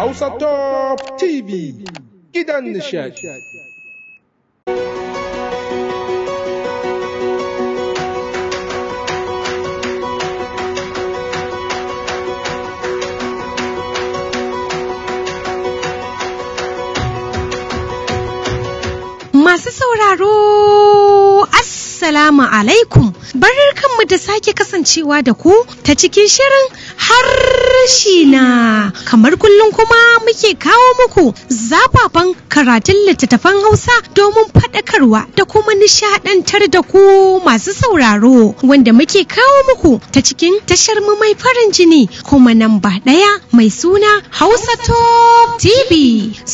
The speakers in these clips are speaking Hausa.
Hausa Top TV gidan nishadi. Masu sauraro, Assalamu alaikum, barkanmu da sake kasancewa da ku ta cikin shirin harshe na kamar kullum kuma muke kawo muku zafafan karatun littattafan hausa domin faɗakarwa da kuma nishaɗantar da ku masu sauraro wanda muke kawo muku ta cikin tashar mu mai farin jini kuma nan ba ɗaya mai suna hausa top tv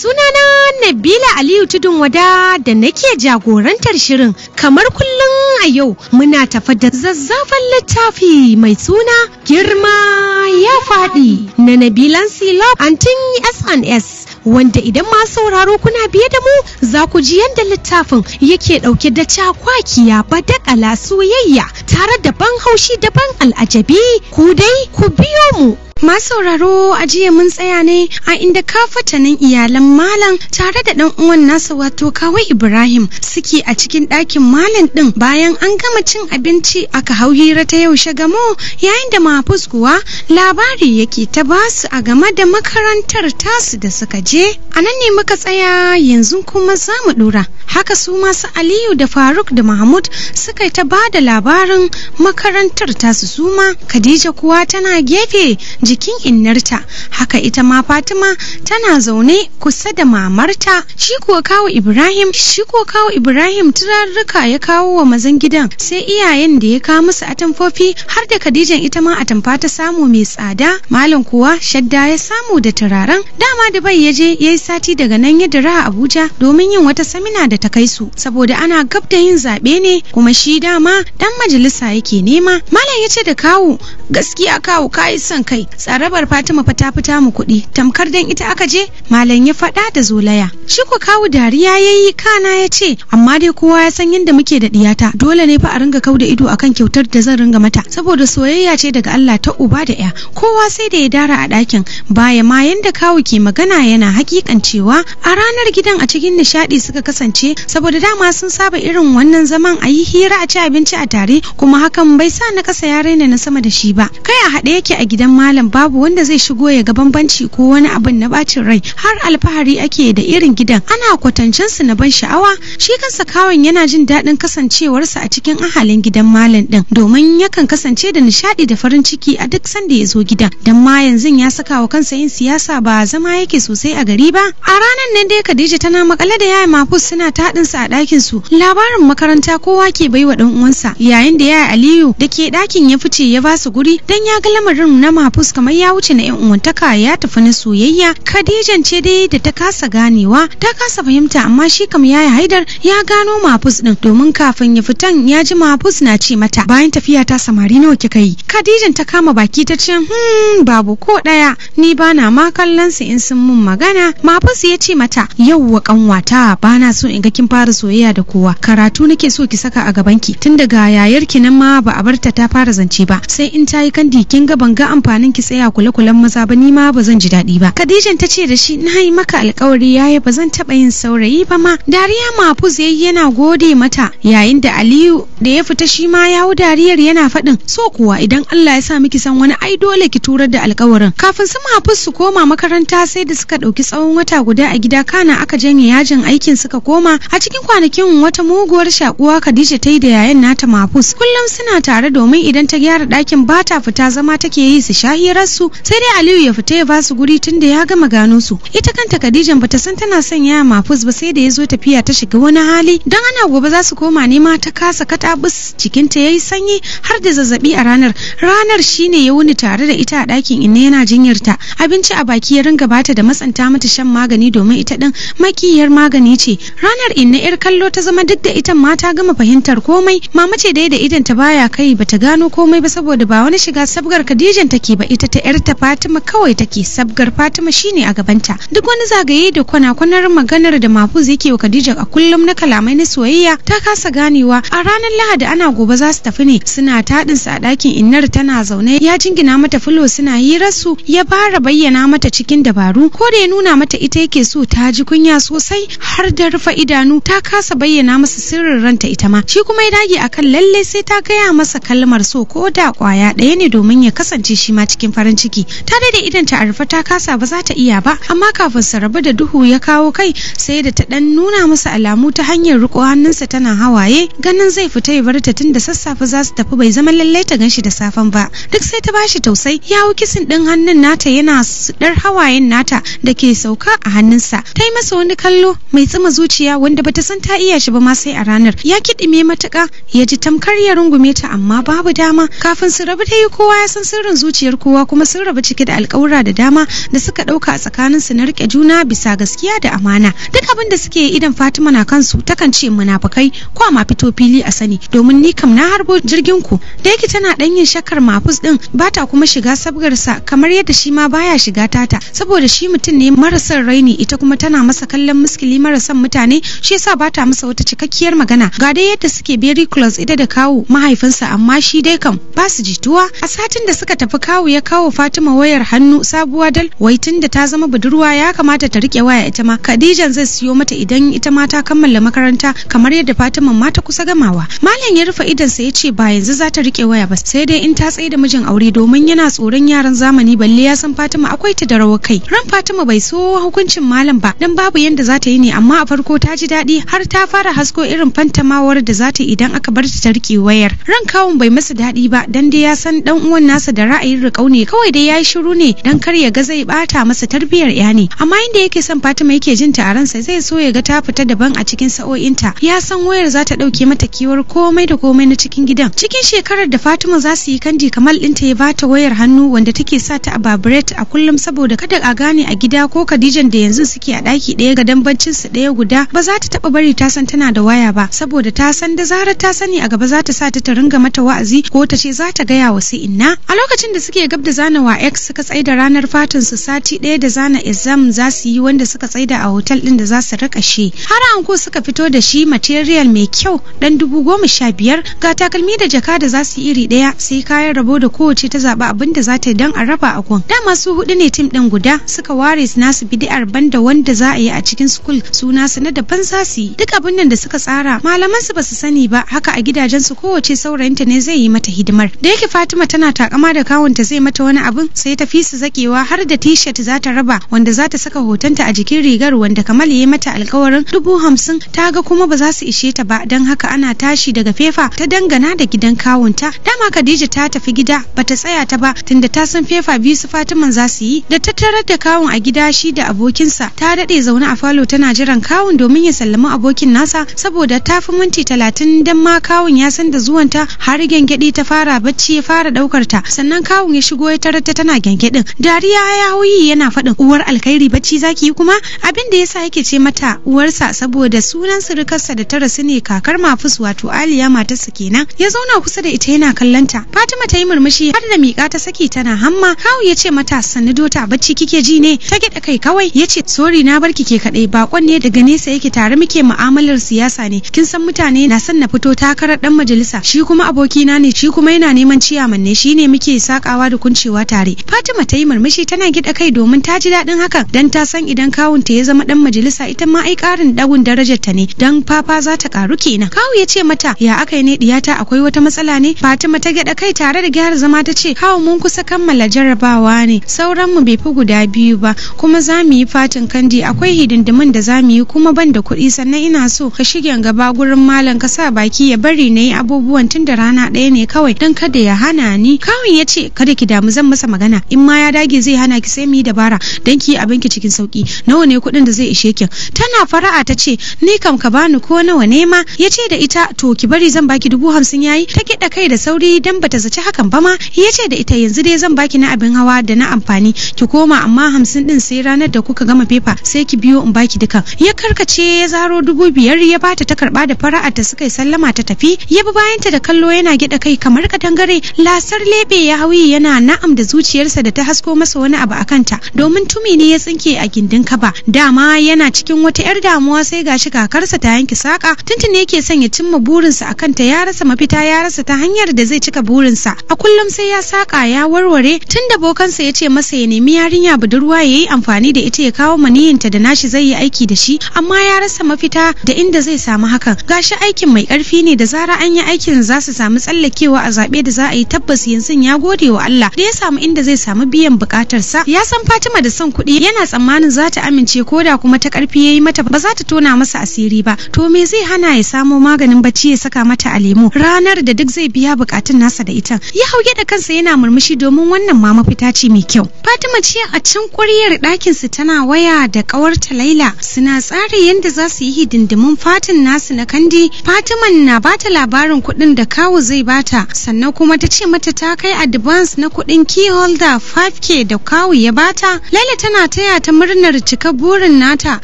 sunana nabila aliyu tudun wada da nake jagorantar shirin kamar kullum a yau muna tafa da zazzafan littafi mai suna girma ya faɗi na Nabilan Silop Antin SNS wanda idan ma sauraro kuna biye da mu za ku ji yadda littafin yake ɗauke da cakwakiya badakala soyayya tare da ban haushi da ban al'ajabi ku dai ku biyo mu Masu sauraro a jiya mun tsaya ne a inda kafatanin iyalan malam tare da dan uwan nasa wato kawai Ibrahim suke a cikin ɗakin malam ɗin bayan an gama cin abinci aka hau hira ta yau, shagamo. yayin da mafus kuwa labari yake ta basu a game da makarantar tasu da suka je. A nan ne muka tsaya yanzu kuma za mu ɗora. Haka su masu Aliyu da Faruk da Mahmud suka ta ba da labarin makarantar tasu suma Khadija kuwa tana gefe jikin innarta haka ita ma fatima tana zaune kusa da mamarta shi kuwa kawo ibrahim shi kuwa kawo ibrahim turarruka ya kawo wa mazan gidan sai iyayen da ya kawo musu atamfofi har da khadijan ita ma atamfa ta samu mai tsada malam kuwa shadda ya samu da turaren dama da bai ya je ya yi sati daga nan ya dira abuja domin yin wata samina da ta kai su saboda ana gab yin zaɓe ne kuma shi dama dan majalisa yake nema malam ya ce da kawo gaskiya kawo kayi son kai tsarabar fatima fata ta fita mu kuɗi tamkar dan ita aka je malam ya faɗa da zolaya shi ko kawu dariya yayi kana ya ce amma dai kowa ya san yadda muke da diyata dole ne fa a ringa kau da ido akan kyautar da zan ringa mata saboda soyayya ce daga Allah ta uba da ya kowa sai da ya dara a ɗakin baya ma yanda kawu ke magana yana hakikan cewa a ranar gidan a cikin nishaɗi suka kasance saboda dama sun saba irin wannan zaman a yi hira a ci abinci a tare kuma hakan bai sa na kasa ya raina na sama da shi ba kai a haɗe yake a gidan malam wannan babu wanda zai shigo ya ga bambanci ko wani abin na bacin rai har alfahari ake da irin gidan ana kwatancin su na ban sha'awa shi kansa kawon yana jin daɗin kasancewarsa a cikin ahalin gidan malam ɗin domin yakan kasance da nishaɗi da farin ciki a duk sanda ya zo gidan dan ma yanzu ya saka wa kansa yin siyasa ba zama yake sosai a gari ba a ranar nan dai Khadija tana makale da yaya Mafus suna taɗin sa a ɗakin su labarin makaranta kowa ke baiwa ɗan uwansa yayin da yaya Aliyu da ke ɗakin ya fice ya ba su guri dan ya ga lamarin na Mafus kamar ya wuce na yan uwantaka ya tafi na soyayya Khadijan ce dai da ta kasa ganewa ta kasa fahimta amma shi kam ya yi Haidar ya gano mafus din domin kafin ya fitan ya ji mafus na ce mata bayan tafiya ta samari nawa kika yi Khadijan ta kama baki ta ce hmm babu ko daya ni bana ma kallon su in sun mun magana mafus ya ce mata yauwa kanwata bana so in ga kin fara soyayya da kowa karatu nake so ki saka a gaban ki tun daga yayar ki nan ma ba a bar ta ta fara zance ba sai in ta yi kandi kin ga ban ga amfanin ki tsaya kula kulen maza ba ni ma ba zan ji daɗi ba Khadijan ta ce da shi na yi maka alkawari yaya ba zan taɓa yin saurayi ba ma dariya mafuz yayi yana gode mata yayin da Aliyu da ya fita shi ma yawo dariyar yana faɗin so kuwa idan Allah ya sa miki san wani ai dole ki turar da alkawarin kafin su mafuz su koma makaranta sai da suka ɗauki tsawon wata guda a gida kana aka janye yajin aikin suka koma a cikin kwanakin wata muguwar shakuwa Khadija ta yi da yayan nata mafus kullum suna tare domin idan ta gyara ɗakin ba ta fita zama take yi su shahiyar su sai dai aliyu ya fita ya ba su guri tunda ya gama gano su ita kanta khadijan bata san tana son yaya mafus ba sai da ya zo tafiya ta shiga wani hali don ana gobe za su koma nema ta kasa katabus jikinta ya yi sanyi har da zazzabi a ranar ranar shine ya wuni tare da ita a ɗakin inna yana jinyar ta abinci a baki ya ringa bata da matsanta mata shan magani domin ita din makiyar magani ce ranar inna yar kallo ta zama duk da ita ma ta gama fahimtar komai mama ce dai da idan ta baya kai bata gano komai ba saboda ba wani shiga sabgar khadijan take ba ita ta ta yarta Fatima kawai take sabgar Fatima shine a gabanta duk wani zagaye da kwana-kwanar maganar da Mahfuz yake wa Khadija a kullum na kalamai na soyayya ta kasa ganewa a ranar Lahadi ana gobe za su tafi ne suna taɗin su a ɗakin innar tana zaune ya jingina mata filo suna hirar su ya fara bayyana mata cikin dabaru ko da ya nuna mata ita yake so ta ji kunya sosai har da rufe idanu ta kasa bayyana masa sirrin ranta ita ma shi kuma ya dage akan lalle sai ta gaya masa kalmar so ko da kwaya ɗaya ne domin ya kasance shi ma cikin farin ciki ta daidai idan ta arfa ta kasa ba za ta iya ba amma kafin su rabu da duhu ya kawo kai sai da ta dan nuna masa alamu ta hanyar riko hannunsa tana hawaye ganin zai fita ya bar ta tunda sassafe za su tafi bai zama lallai ta ganshi da safen ba duk sai ta bashi tausayi ya hau kisin ɗin hannun nata yana sudar hawayen nata da ke sauka a hannunsa ta yi masa wani kallo mai tsima zuciya wanda bata san ta iya shi ba ma sai a ranar ya kiɗime matuƙa ya ji tamkar ya rungume ta amma babu dama kafin su rabu dai kowa ya san sirrin zuciyar kowa kowa kuma sun rabu cike da alkawura da dama da suka ɗauka a tsakanin su na rike juna bisa gaskiya da amana duk abin da suke idan fatima na kansu takan ce munafukai ko ma fito fili a sani domin ni kam na harbo jirgin ku da yake tana ɗan yin shakar mafus ɗin ba ta kuma shiga sabgarsa kamar yadda shi ma baya shiga tata saboda shi mutum ne marasan raini ita kuma tana masa kallon muskili marasan mutane shi yasa ba ta masa wata cikakkiyar magana ga dai yadda suke very close ita da kawu mahaifinsa amma shi dai kam ba su jituwa a satin da suka tafi kawu ya kawo Fatima wayar hannu sabuwa dal wai tunda ta zama budurwa ya kamata ta rike waya ita ma Khadijan zai siyo mata idan ita ma ta kammala makaranta kamar yadda Fatima ma ta kusa gamawa Malam ya rufe idan sa ce ba yanzu za ta rike waya ba sai dai in ta tsaye da mijin aure domin yana tsoron yaran zamani balle ya san Fatima akwai ta da rawa kai ran Fatima bai so hukuncin malam ba dan babu yanda za ta yi ne amma a farko ta ji daɗi har ta fara hasko irin fantamawar da za ta yi idan aka bar ta rike wayar ran kawun bai masa daɗi ba dan dai ya san dan uwan nasa da ra'ayin riƙau ne kawai dai ya yi shiru ne dan kar ya ga zai bata masa tarbiyar ya ne amma inda yake son Fatima yake jin ta a ransa zai so ya ga ta fita daban a cikin sa'o'inta ya san wayar za ta dauke mata kiwar komai da komai na cikin gidan cikin shekarar da Fatima za su yi kandi kamar ɗinta ya bata wayar hannu wanda take sa ta a babiret a kullum saboda kada a gane a gida ko Khadijan da yanzu suke a ɗaki ɗaya ga dambancin su ɗaya guda ba za ta taba bari ta san tana da waya ba saboda ta san da zarar ta sani a gaba za ta sa ta ringa mata wa'azi ko ta ce za ta gaya wa su inna a lokacin da suke gab yadda zana wa X suka da ranar fatin su sati ɗaya da zana exam za su yi wanda suka tsaida a hotel ɗin da za su rika shi. Har anko suka fito da shi material mai kyau ɗan dubu goma sha biyar ga takalmi da jaka da za su iri ɗaya sai kayan rabo da kowace ta zaɓa abin da za ta yi don a raba a gun. Dama su hudu ne tim ɗin guda suka ware nasu bidi'ar banda wanda za a yi a cikin school suna su na daban za su yi. Duk abin nan da suka tsara malaman su ba su sani ba haka a gidajen su kowace saurayinta ne zai yi mata hidimar. Da yake Fatima tana takama da kawunta zai mata Wata wani abin sai ta fi su zakewa har da t-shirt za ta raba wanda za ta saka hotonta a jikin rigar wanda Kamal ya mata alkawarin dubu hamsin ta ga kuma ba za su ishe ta ba don haka ana tashi daga fefa ta dangana da gidan kawunta dama Khadija ta tafi gida ba ta tsaya ta ba tunda ta san fefa biyu su Fatima za su yi da tattarar da kawun a gida shi da abokinsa ta daɗe zaune a falo tana jiran kawun domin ya sallami abokin nasa saboda ta fi minti talatin dan ma kawun ya san da zuwanta har gyangyaɗi ta fara bacci ya fara ɗaukar ta sannan kawun ya shigo shigo tarata ta tana gyangyaɗin dariya ya yi yana faɗin uwar alkhairi bacci zaki yi kuma abin da yasa yake ce mata uwarsa saboda sunan surukarsa da ta rasu ne kakar mafus wato aliya matarsa kenan ya zauna kusa da ita yana kallanta fatima ta yi murmushi har da miƙa ta saki tana hamma kawu ya ce mata sannu dota bacci kike ji ne ta gida kai kawai ya ce sori na barki ke kaɗai bakon ne daga nesa yake tare muke mu'amalar siyasa ne kin san mutane na san na fito takarar ɗan majalisa shi kuma abokina ne shi kuma yana neman ciyaman ne shi ne muke sakawa da kun kasancewa tare fatima ta yi murmushi tana gida kai domin ta ji daɗin hakan dan ta san idan kawunta ya zama dan majalisa ita ma ai ƙarin dagun darajar ta ne dan fafa za ta karu kenan kawu ya ce mata ya aka ne diyata akwai wata matsala ne fatima ta gida kai tare da gyara zama ta ce kawu mun kusa kammala jarrabawa ne sauran mu bai fi guda biyu ba kuma za mu yi fatin kandi akwai hidindimin da za mu yi kuma ban da kuɗi sannan ina so ka shige gaba gurin malam ka sa baki ya bari na yi abubuwan tun da rana ɗaya ne kawai don kada ya hana ni kawun ya kada ki damu mu zan masa magana in ma ya dage zai hana ki sai mu yi dabara dan ki yi abin ki cikin sauki nawa ne kuɗin da zai ishe ki tana fara'a ta ce ni kam ka bani ko nawa ne ma ya ce da ita to ki bari zan baki dubu hamsin yayi ta kiɗa kai da sauri dan bata zaci hakan ba ma ya ce da ita yanzu dai zan baki na abin hawa da na amfani ki koma amma hamsin din sai ranar da kuka gama fefa sai ki biyo in baki dukan ya karkace ya zaro dubu biyar ya bata ta karba da fara'a ta suka yi sallama ta tafi ya bi bayanta da kallo yana gida kai kamar katangare lasar lebe ya hauyi yana na'am da zuciyarsa da ta hasko masa wani abu akan ta domin tumi ne ya tsinke a gindin kaba dama yana cikin wata yar damuwa sai gashi kakarsa ta yanke saka tuntune yake son ya cimma burinsa akan ta ya rasa mafita ya rasa ta hanyar da zai cika burinsa a kullum sai ya saka ya warware tunda bokansa ya ce masa ya nemi yarinya budurwa ya yi amfani da ita ya kawo maniyinta da nashi zai yi aiki da shi amma ya rasa mafita da inda zai samu hakan gashi aikin mai karfi ne da zara an yi aikin za su samu tsallakewa a zaɓe da za a yi tabbas yanzu ya gode wa Allah da ya samu inda zai samu biyan bukatarsa ya san Fatima da son kuɗi yana tsammanin za ta amince ko da kuma ta ƙarfi yayi mata ba za ta tona masa asiri ba to me zai hana ya samo maganin bacci ya saka mata a lemo ranar da duk zai biya bukatun nasa da ita ya hauge da kansa yana murmushi domin wannan ma mafita ce mai kyau Fatima ce a can kuryar ɗakin su tana waya da ƙawarta Laila suna tsara yadda za su yi hidindimin fatin nasu na kandi Fatima na bata labarin kuɗin da kawo zai bata sannan kuma ta ce mata ta kai advance na kuɗi kudin key holder 5k da kawu ya bata laila tana taya ta murnar cika burin nata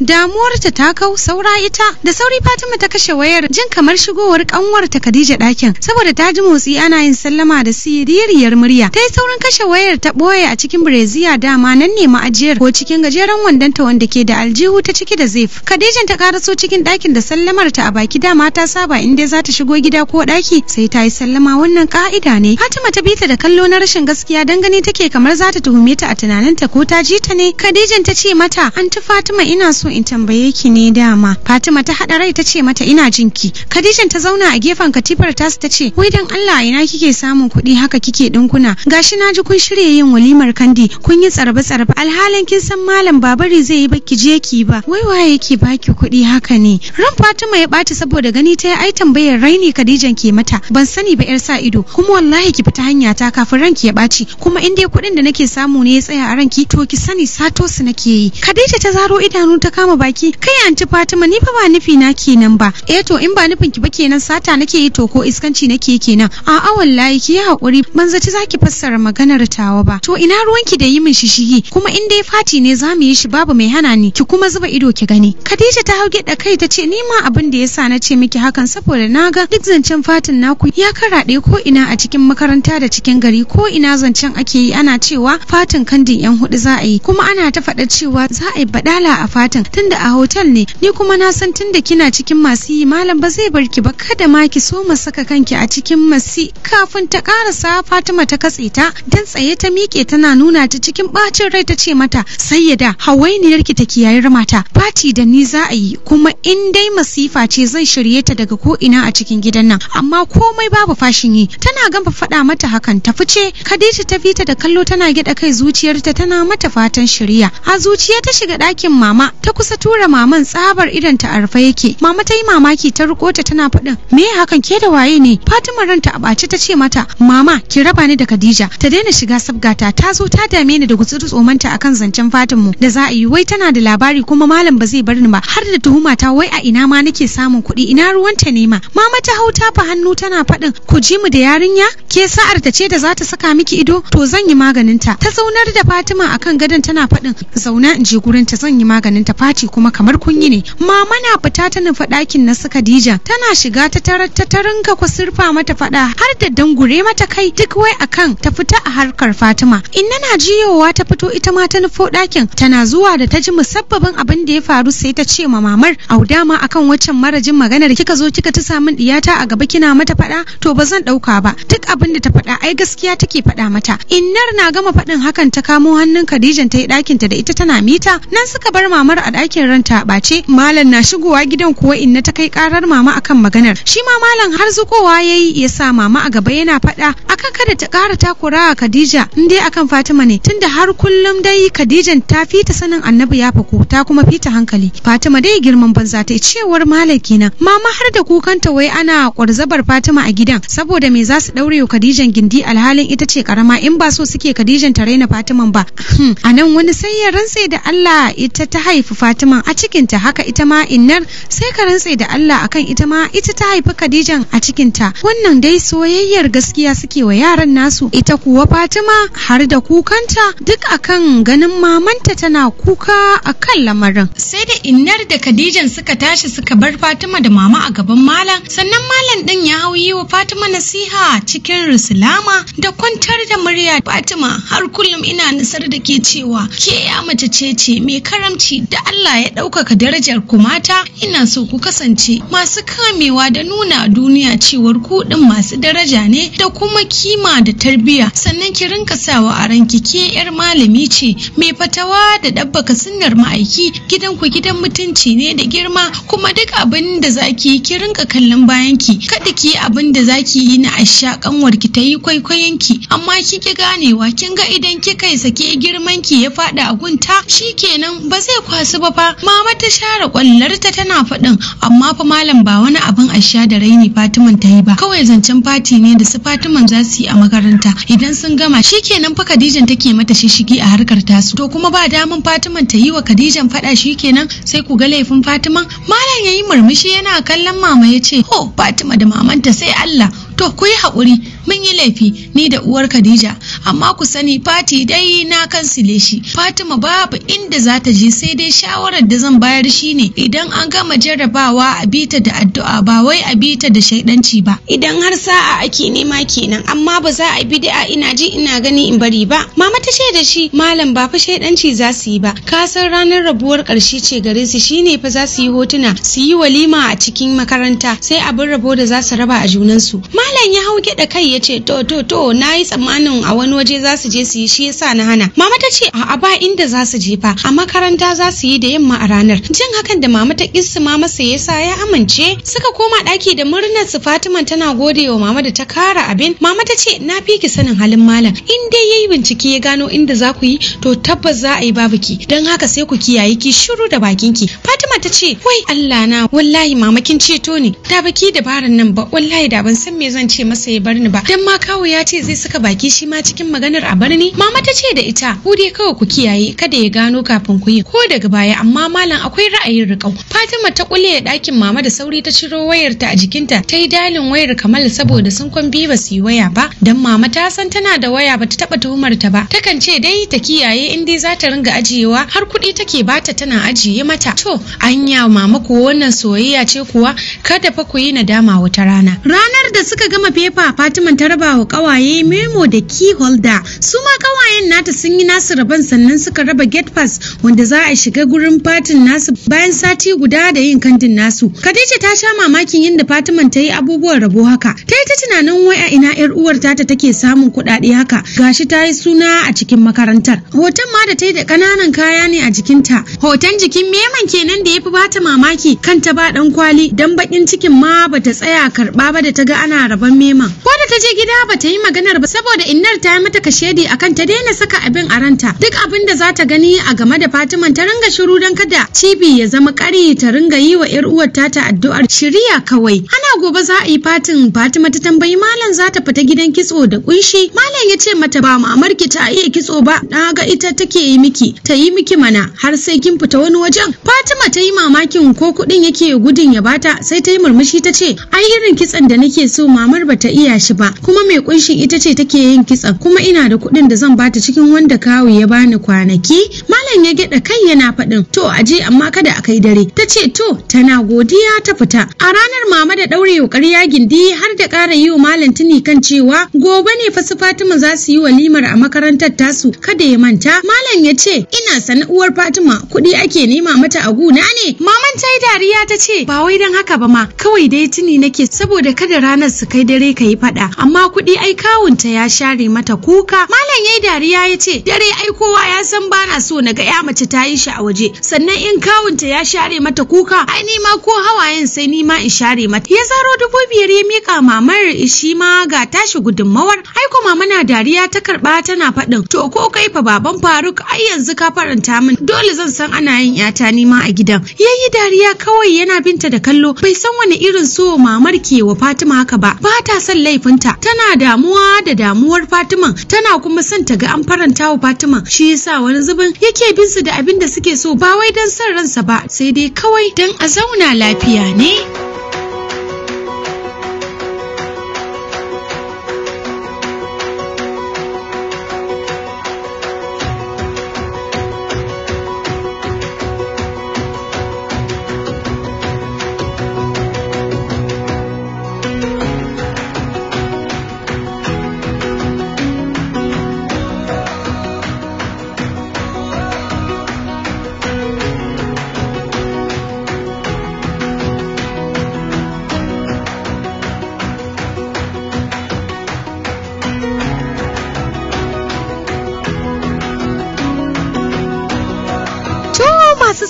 damuwarta ta kau saura ita da sauri fatima ta kashe wayar jin kamar shigowar kanwar ta khadija dakin saboda ta ji motsi ana yin sallama da siririyar murya ta yi saurin kashe wayar ta boye a cikin bireziya dama nan ne ma'ajiyar ko cikin gajeren wandonta wanda ke da aljihu ta ciki da zef khadijan ta karaso cikin dakin da sallamar ta a baki dama ta saba in dai za ta shigo gida ko ɗaki sai ta yi sallama wannan ka'ida ne fatima ta bi ta da kallo na rashin gaskiya gaskiya dan gani take kamar za ta tuhume ta a tunaninta ko ta ji ta ne Khadijan ta ce mata anti Fatima ina so in tambaye ki ne dama Fatima ta hada rai ta ce mata ina jin ki Khadijan ta zauna a gefen katifar tasu ta ce wai dan Allah ina kike samun kuɗi haka kike dinkuna gashi na ji kun shirye yin walimar kandi kun yi tsarbe tsarbe alhalin kin san malam babari zai yi baki je ki ba wai waye yake baki kuɗi haka ne ran Fatima ya ɓaci saboda gani ta ai tambayar raini Khadijan ke mata ban sani ba yar sa ido kuma wallahi ki fita hanya ta kafin ranki ya ɓaci bashi kuma in dai kuɗin da nake samu ne ya tsaya a ranki to ki sani sato su nake yi Khadija ta zaro idanu ta kama baki kai anti Fatima ni fa ba nufi na kenan ba eh to in ba nufin ki ba kenan sata nake yi to ko iskanci nake kenan a'a wallahi ki yi hakuri ban zaci zaki fassara maganar tawa ba to ina ruwan ki da yi min shishigi kuma in dai fati ne za mu yi shi babu mai hana ni ki kuma zuba ido ki gani Khadija ta hauge da kai ta ce ni ma abin da yasa na ce miki hakan saboda na ga duk zancen fatin naku ya karaɗe ko ina a cikin makaranta da cikin gari ko ina zancen ake yi ana cewa fatan kandin yan hudu za a yi kuma ana ta faɗa cewa za a yi badala a fatan tunda a hotel ne ni kuma na san tunda kina cikin masu yi malam ba zai bar ki ba kada ma ki so mu saka kanki a cikin masi kafin ta karasa Fatima ta katse ta dan tsaye ta miƙe tana nuna ta cikin bacin rai ta ce mata sayyada hawainiyar ki ta kiyaye mata fati da ni za a yi kuma in dai masifa ce zan shirye ta daga ko ina a cikin gidan nan amma komai babu fashin yi tana gama faɗa mata hakan ta fice Khadija tashi ta fita da kallo tana gyaɗa kai zuciyarta tana mata fatan shirya a zuciya ta shiga ɗakin mama ta kusa tura maman tsabar idan ta arfa yake mama ta yi mamaki ta riko ta tana faɗin me hakan ke da waye ne fatima ranta a ɓace ta ce mata mama ki raba ni da khadija ta daina shiga sabgata ta zo ta dame ni da gutsuru tsomanta akan zancen fatin mu da za a yi wai tana da labari kuma malam ba zai bar ni ba har da tuhuma ta wai a ina ma nake samun kuɗi ina ruwanta ne ma mama ta hau fa hannu tana faɗin ku ji mu da yarinya ke sa'ar ta ce da za ta saka miki ido ido to zan yi maganin ta ta zaunar da Fatima akan gadon tana faɗin zauna in je gurin ta zan yi maganin ta Fati kuma kamar kunyi ne mama na fita ta nufa ɗakin na su Khadija tana shiga ta tarar ta tarinka surfa mata faɗa har da dangure mata kai duk wai akan ta fita a harkar Fatima In nana jiyowa ta fito ita ma ta nufo ɗakin tana zuwa da ta ji musabbabin abin da ya faru sai ta ce ma mamar auda ma akan waccan marajin maganar kika zo kika ta samun ɗiyata a gaba kina mata faɗa to ba zan ɗauka ba duk abin da ta faɗa ai gaskiya take faɗa mata innar na gama faɗin hakan ta kamo hannun Khadijan ta yi ɗakinta da ita tana mita nan suka bar mamar a ɗakin ranta ɓace malam na shigowa gidan kuwa inna ta kai karar mama akan maganar shi ma malam har zukowa yayi ya sa mama a gaba yana faɗa akan kada ta ƙara takura a Khadija in dai akan Fatima ne tunda har kullum dai Khadijan ta fita sanin Annabi ya fako ta kuma fita hankali Fatima dai girman banza ta cewar malam kenan mama har da kukanta wai ana kwarzabar Fatima a gidan saboda me za su daure Khadijan gindi alhalin ita ce karama in ba so suke Khadijan ta raina Fatima ba hmm, a nan wani sai ya rantse da Allah ita ta haifi Fatima a cikinta haka ita ma innar sai ka rantse da Allah akan ita ma ita ta haifi Khadijan a cikinta wannan dai soyayyar gaskiya suke wa yaran nasu ita kuwa Fatima har da kukanta duk akan ganin mamanta tana kuka akan lamarin sai da innar da Khadijan suka tashi suka bar Fatima da mama a gaban malam sannan malam din ya hau yi wa Fatima nasiha cikin rusulama da kwantar da murya Fatima har kullum ina nasar da ke cewa ke ya mace ce ce mai karamci da Allah ya ɗaukaka darajar ku mata ina so ku kasance masu kamewa da nuna duniya cewar ku din masu daraja ne da kuma kima da tarbiyya sannan ki rinka sawa a ranki ke yar malami ce mai fatawa da ɗabbaka sunnar ma'aiki gidan ku gidan mutunci ne da girma kuma duk abin da zaki ki rinka kallon bayan ki kada ki yi abin da zaki yi na asha kanwar ki ta yi kwaikwayon ki amma ki ki ganewa kin ga idan kika sake girman ki ya fada a gunta shikenan ba zai kwasu ba fa mama ta share ta tana faɗin amma fa malam ba wani abin asha da raini fatiman ta yi ba kawai zancen fati ne da su Fatima za su yi a makaranta idan sun gama shikenan fa khadijan take mata shishigi a harkar tasu to kuma ba daman fatiman ta yi wa khadijan faɗa shikenan sai ku ga laifin Fatima malam yayi murmushi yana kallon mama yace ho Fatima da mamanta sai Allah to ku yi haƙuri mun yi laifi ni da uwar Khadija amma ku sani fati dai na kansile shi Fatima babu inda za ta je sai dai shawarar da zan bayar shi ne. idan an gama jarrabawa a bita da addu'a ba wai a bita da shaidanci ba idan har sa'a ake nema kenan amma ba za a bid'a ina ji ina gani in bari ba mama ta ce da shi malam ba fa shaidanci za su yi ba ka san ranar rabuwar karshe ce gare su shine fa za su yi hotuna su yi walima a cikin makaranta sai abin rabo da za su raba a junansu malam ya hau gyaɗa kai ya ya ce to to to na yi tsammanin a wani waje za su je su yi shi yasa na hana mama ta ce a ba inda za su je fa a makaranta za su yi da yamma a ranar jin hakan da mama ta kissu mama ya yasa ya amince suka koma daki da murnar su Fatima tana gode wa mama da ta kara abin mama ta ce na fi ki sanin halin malam in dai yayi bincike ya gano inda za ku yi to tabbas za a yi babu ki don haka sai ku kiyaye ki shiru da bakin ki Fatima ta ce wai Allah na wallahi mama kin ceto ne da baki dabaran nan ba wallahi da ban san me zan ce masa ya bar ni ba ba dan ma kawo ya ce zai saka baki shi ma cikin maganar a birni mama ta ce da ita ku dai kawai ku kiyaye kada ya gano kafin ku yi ko daga baya amma malam akwai ra'ayin riƙau Fatima ta kulle ɗakin mama da sauri ta ciro wayarta a jikinta ta yi dalin wayar Kamal saboda sun kwan biyu ba su yi waya ba dan mama ta san tana da waya ba ta taba tuhumar ta ba takan ce dai ta kiyaye in dai za ta ringa ajiyewa har kuɗi take bata tana ajiye mata to anya mama ko wannan soyayya ce kuwa kada fa ku yi nadama wata rana ranar da suka gama fefa Fatima Maman ta raba ƙawaye memo da key holder. Su ma kawayen nata sun yi nasu rabon sannan suka raba gate pass wanda za a shiga gurin fatin nasu bayan sati guda da yin kandin nasu. Khadija ta sha mamakin yadda Fatiman ta yi abubuwan rabo haka. Ta yi ta tunanin wai a ina 'yar uwarta ta take samun kuɗaɗe haka. Gashi ta yi suna a cikin makarantar. Hoton ma da ta yi da ƙananan kaya ne a jikinta. Hoton jikin meman kenan da ya fi bata mamaki kanta ba ɗan kwali dan baƙin cikin ma bata tsaya karɓa ba da ta ga ana rabon meman. Ko da ta je gida ba ta yi maganar ba saboda innar ta yi mata kashedi akan ta daina saka abin a ranta duk abin da za ta gani a game da Fatima ta ringa shiru don kada cibi ya zama karye ta ringa yi wa 'yar uwar ta addu'ar shirya kawai. Ana Allah gobe za a yi fatin Fatima ta tambayi malam za ta fita gidan kitso da kunshi malam ya ce mata ba mamar ki ta iya kitso ba na ga ita take yi miki ta yi miki mana har sai kin fita wani wajen Fatima ta yi mamakin ko kudin yake gudun ya bata sai ta yi murmushi ta ce ai irin kitson da nake so mamar ba ta iya shi ba kuma mai kunshin ita ce take yin kitson kuma ina da kudin da zan bata cikin wanda kawu ya bani kwanaki malam ya gyaɗa kai yana faɗin to aje amma kada a kai dare ta ce to tana godiya ta fita a ranar mama da daure yokar yagin di har da ƙara yi wa malam tuni kan cewa gobe ne fa Fatima za su yi walimar a makarantar tasu kada ya manta malam ya ce ina sana'uwar Fatima kuɗi ake nema mata a guna ne maman ta dariya ta ce ba wai don haka ba ma kawai dai tuni nake saboda kada ranar su kai dare ka yi faɗa amma kuɗi ai kawunta ya share mata kuka malam ya dariya ya ce dare ai kowa ya san bana so na ga ya mace ta yi shi a waje sannan in kawunta ya share mata kuka ai nima ko hawayen sai nima in share mata zaro dubu biyar ya mika mamar shi ma ga tashi gudunmawar ai kuma mana dariya ta karba tana faɗin to ko kai fa baban faruk ai yanzu ka faranta min dole zan san ana yin yata ni a gidan yayi dariya kawai yana binta da kallo bai san wani irin so mamar ke wa fatima haka ba ba ta son laifinta tana damuwa da damuwar Fatima. tana kuma son ta ga an faranta wa fatima shi yasa wani zubin yake bin su da abin da suke so ba wai don son ransa ba sai dai kawai Dan a zauna lafiya ne.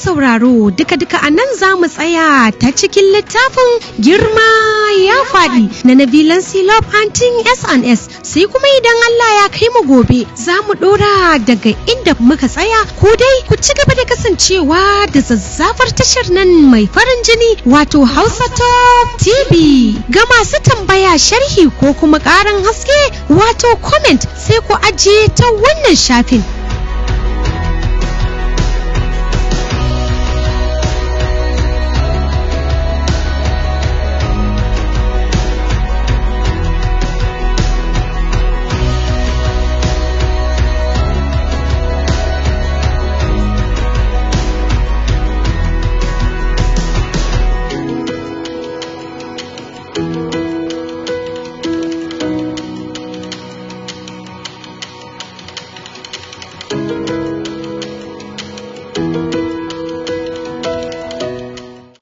sauraro duka-duka a nan za mu tsaya ta cikin littafin girma ya faɗi na Nabilan Silop Antin sns sai kuma idan Allah ya kai mu gobe za mu ɗora daga inda muka tsaya ko dai ku ci gaba da kasancewa da zazzafar tashar nan mai farin jini wato Hausa Top TV ga masu tambaya sharhi ko kuma ƙarin haske wato comment sai ku ajiye ta wannan shafin